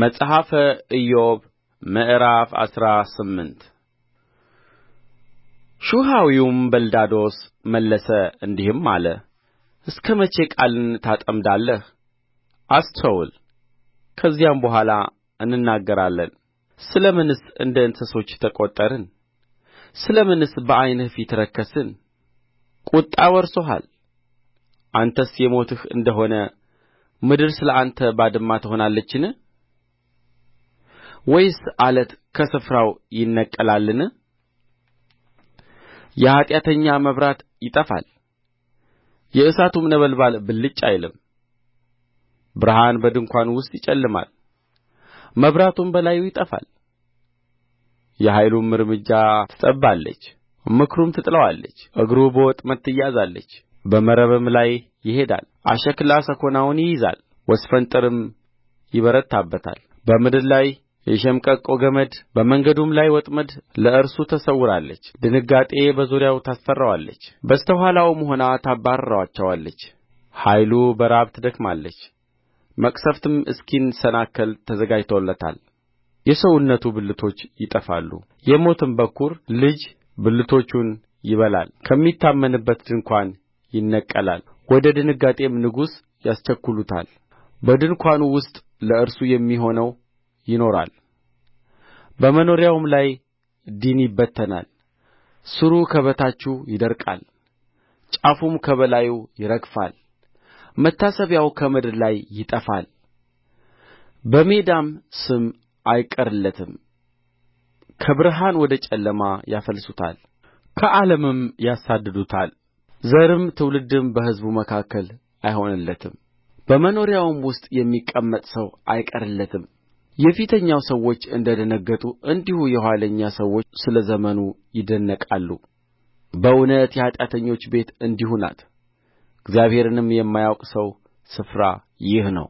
መጽሐፈ ኢዮብ ምዕራፍ አስራ ስምንት ሹሐዊውም በልዳዶስ መለሰ እንዲህም አለ እስከ መቼ ቃልን ታጠምዳለህ? አስተውል፣ ከዚያም በኋላ እንናገራለን። ስለ ምንስ እንደ እንስሶች ተቈጠርን? ስለ ምንስ በዐይንህ ፊት ረከስን? ቍጣ ወርሶሃል፣ አንተስ የሞትህ እንደሆነ ምድር ስለ አንተ ባድማ ትሆናለችን? ወይስ ዓለት ከስፍራው ይነቀላልን? የኃጢአተኛ መብራት ይጠፋል፣ የእሳቱም ነበልባል ብልጭ አይልም። ብርሃን በድንኳኑ ውስጥ ይጨልማል፣ መብራቱም በላዩ ይጠፋል። የኃይሉም እርምጃ ትጠብባለች፣ ምክሩም ትጥለዋለች። እግሩ በወጥመድ ትያዛለች፣ በመረብም ላይ ይሄዳል። አሽክላ ሰኮናውን ይይዛል፣ ወስፈንጠርም ይበረታበታል። በምድር ላይ የሸምቀቆ ገመድ በመንገዱም ላይ ወጥመድ ለእርሱ ተሰውራለች ድንጋጤ በዙሪያው ታስፈራዋለች በስተ ኋላውም ሆና ታባርራቸዋለች ኃይሉ በራብ ትደክማለች መቅሠፍትም እስኪሰናከል ተዘጋጅቶለታል የሰውነቱ ብልቶች ይጠፋሉ የሞትም በኵር ልጅ ብልቶቹን ይበላል ከሚታመንበት ድንኳን ይነቀላል ወደ ድንጋጤም ንጉሥ ያስቸኵሉታል በድንኳኑ ውስጥ ለእርሱ የሚሆነው ይኖራል በመኖሪያውም ላይ ዲን ይበተናል ሥሩ ከበታቹ ይደርቃል ጫፉም ከበላዩ ይረግፋል መታሰቢያው ከምድር ላይ ይጠፋል በሜዳም ስም አይቀርለትም ከብርሃን ወደ ጨለማ ያፈልሱታል ከዓለምም ያሳድዱታል ዘርም ትውልድም በሕዝቡ መካከል አይሆንለትም በመኖሪያውም ውስጥ የሚቀመጥ ሰው አይቀርለትም የፊተኛው ሰዎች እንደ ደነገጡ እንዲሁ የኋለኛ ሰዎች ስለ ዘመኑ ይደነቃሉ በእውነት የኃጢአተኞች ቤት እንዲሁ ናት እግዚአብሔርንም የማያውቅ ሰው ስፍራ ይህ ነው